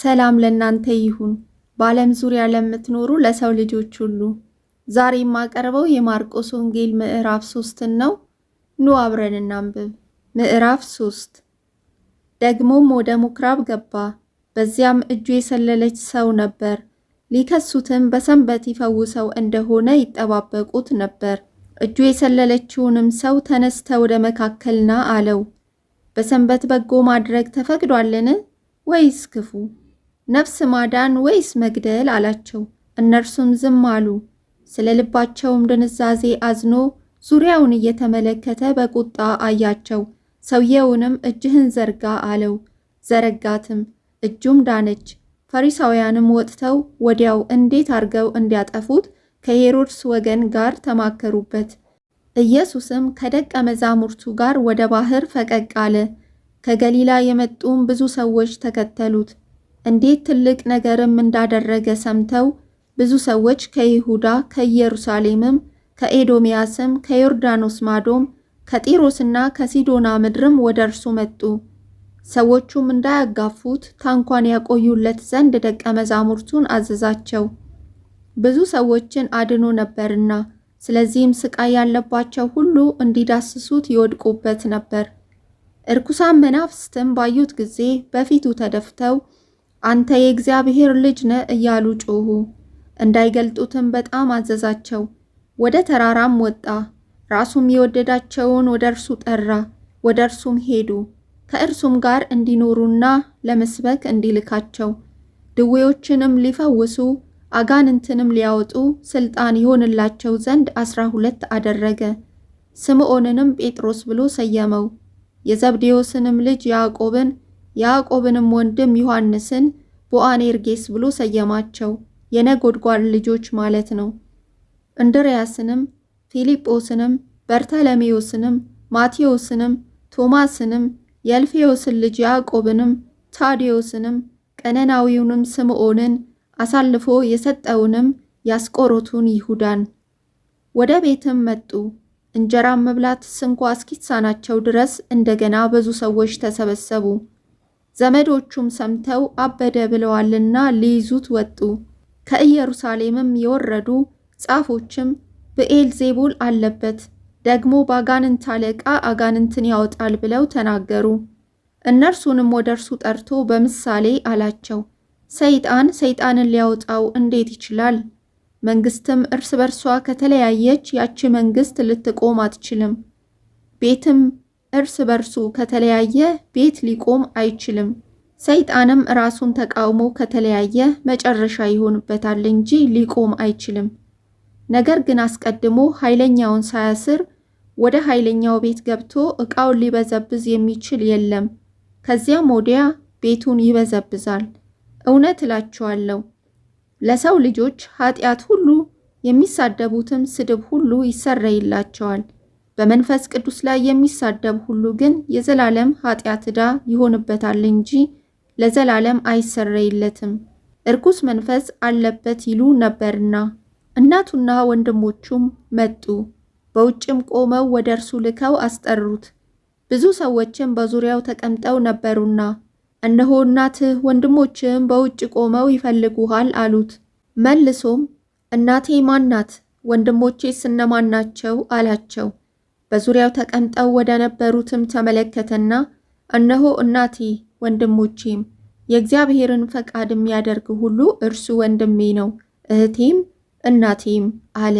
ሰላም ለእናንተ ይሁን በዓለም ዙሪያ ለምትኖሩ ለሰው ልጆች ሁሉ ዛሬ የማቀርበው የማርቆስ ወንጌል ምዕራፍ ሶስትን ነው። ኑ አብረን እናንብብ። ምዕራፍ ሶስት ደግሞም ወደ ምኵራብ ገባ፣ በዚያም እጁ የሰለለች ሰው ነበር። ሊከሱትም በሰንበት ይፈውሰው እንደሆነ ይጠባበቁት ነበር። እጁ የሰለለችውንም ሰው ተነስተ ወደ መካከል ና አለው። በሰንበት በጎ ማድረግ ተፈቅዷልን? ወይስ ክፉ ነፍስ ማዳን ወይስ መግደል አላቸው። እነርሱም ዝም አሉ። ስለ ልባቸውም ድንዛዜ አዝኖ ዙሪያውን እየተመለከተ በቁጣ አያቸው። ሰውየውንም እጅህን ዘርጋ አለው። ዘረጋትም፣ እጁም ዳነች። ፈሪሳውያንም ወጥተው ወዲያው እንዴት አድርገው እንዲያጠፉት ከሄሮድስ ወገን ጋር ተማከሩበት። ኢየሱስም ከደቀ መዛሙርቱ ጋር ወደ ባህር ፈቀቅ አለ። ከገሊላ የመጡም ብዙ ሰዎች ተከተሉት። እንዴት ትልቅ ነገርም እንዳደረገ ሰምተው ብዙ ሰዎች ከይሁዳ ከኢየሩሳሌምም ከኤዶምያስም ከዮርዳኖስ ማዶም ከጢሮስና ከሲዶና ምድርም ወደ እርሱ መጡ። ሰዎቹም እንዳያጋፉት ታንኳን ያቆዩለት ዘንድ ደቀ መዛሙርቱን አዘዛቸው፣ ብዙ ሰዎችን አድኖ ነበርና። ስለዚህም ስቃይ ያለባቸው ሁሉ እንዲዳስሱት ይወድቁበት ነበር። እርኩሳን መናፍስትም ባዩት ጊዜ በፊቱ ተደፍተው አንተ የእግዚአብሔር ልጅ ነህ እያሉ ጮኹ። እንዳይገልጡትም በጣም አዘዛቸው። ወደ ተራራም ወጣ። ራሱም የወደዳቸውን ወደ እርሱ ጠራ። ወደ እርሱም ሄዱ። ከእርሱም ጋር እንዲኖሩና ለመስበክ እንዲልካቸው ድዌዎችንም ሊፈውሱ አጋንንትንም ሊያወጡ ስልጣን ይሆንላቸው ዘንድ አስራ ሁለት አደረገ። ስምዖንንም ጴጥሮስ ብሎ ሰየመው። የዘብዴዎስንም ልጅ ያዕቆብን ያዕቆብንም ወንድም ዮሐንስን ቦአኔርጌስ ብሎ ሰየማቸው፣ የነጎድጓድ ልጆች ማለት ነው። እንድርያስንም ፊልጶስንም በርተለሜዎስንም ማቴዎስንም ቶማስንም የልፌዎስን ልጅ ያዕቆብንም ታዴዎስንም ቀነናዊውንም ስምዖንን አሳልፎ የሰጠውንም ያስቆሮቱን ይሁዳን። ወደ ቤትም መጡ። እንጀራም መብላት ስንኳ እስኪሳናቸው ድረስ እንደገና ብዙ ሰዎች ተሰበሰቡ። ዘመዶቹም ሰምተው አበደ ብለዋልና ሊይዙት ወጡ። ከኢየሩሳሌምም የወረዱ ጻፎችም ብኤልዜቡል አለበት፣ ደግሞ በአጋንንት አለቃ አጋንንትን ያወጣል ብለው ተናገሩ። እነርሱንም ወደ እርሱ ጠርቶ በምሳሌ አላቸው፣ ሰይጣን ሰይጣንን ሊያወጣው እንዴት ይችላል? መንግስትም እርስ በርሷ ከተለያየች ያቺ መንግስት ልትቆም አትችልም። ቤትም እርስ በርሱ ከተለያየ ቤት ሊቆም አይችልም። ሰይጣንም ራሱን ተቃውሞ ከተለያየ መጨረሻ ይሆንበታል እንጂ ሊቆም አይችልም። ነገር ግን አስቀድሞ ኃይለኛውን ሳያስር ወደ ኃይለኛው ቤት ገብቶ ዕቃውን ሊበዘብዝ የሚችል የለም። ከዚያም ወዲያ ቤቱን ይበዘብዛል። እውነት እላችኋለሁ ለሰው ልጆች ኃጢአት ሁሉ የሚሳደቡትም ስድብ ሁሉ ይሰረይላቸዋል። በመንፈስ ቅዱስ ላይ የሚሳደብ ሁሉ ግን የዘላለም ኃጢአት ዕዳ ይሆንበታል እንጂ ለዘላለም አይሰረይለትም፣ እርኩስ መንፈስ አለበት ይሉ ነበርና። እናቱና ወንድሞቹም መጡ፣ በውጭም ቆመው ወደ እርሱ ልከው አስጠሩት። ብዙ ሰዎችም በዙሪያው ተቀምጠው ነበሩና፣ እነሆ እናትህ ወንድሞችም በውጭ ቆመው ይፈልጉሃል አሉት። መልሶም እናቴ ማን ናት? ወንድሞቼስ እነማን ናቸው? አላቸው። በዙሪያው ተቀምጠው ወደ ነበሩትም ተመለከተና እነሆ እናቴ ወንድሞቼም የእግዚአብሔርን ፈቃድ የሚያደርግ ሁሉ እርሱ ወንድሜ ነው፣ እህቴም እናቴም አለ።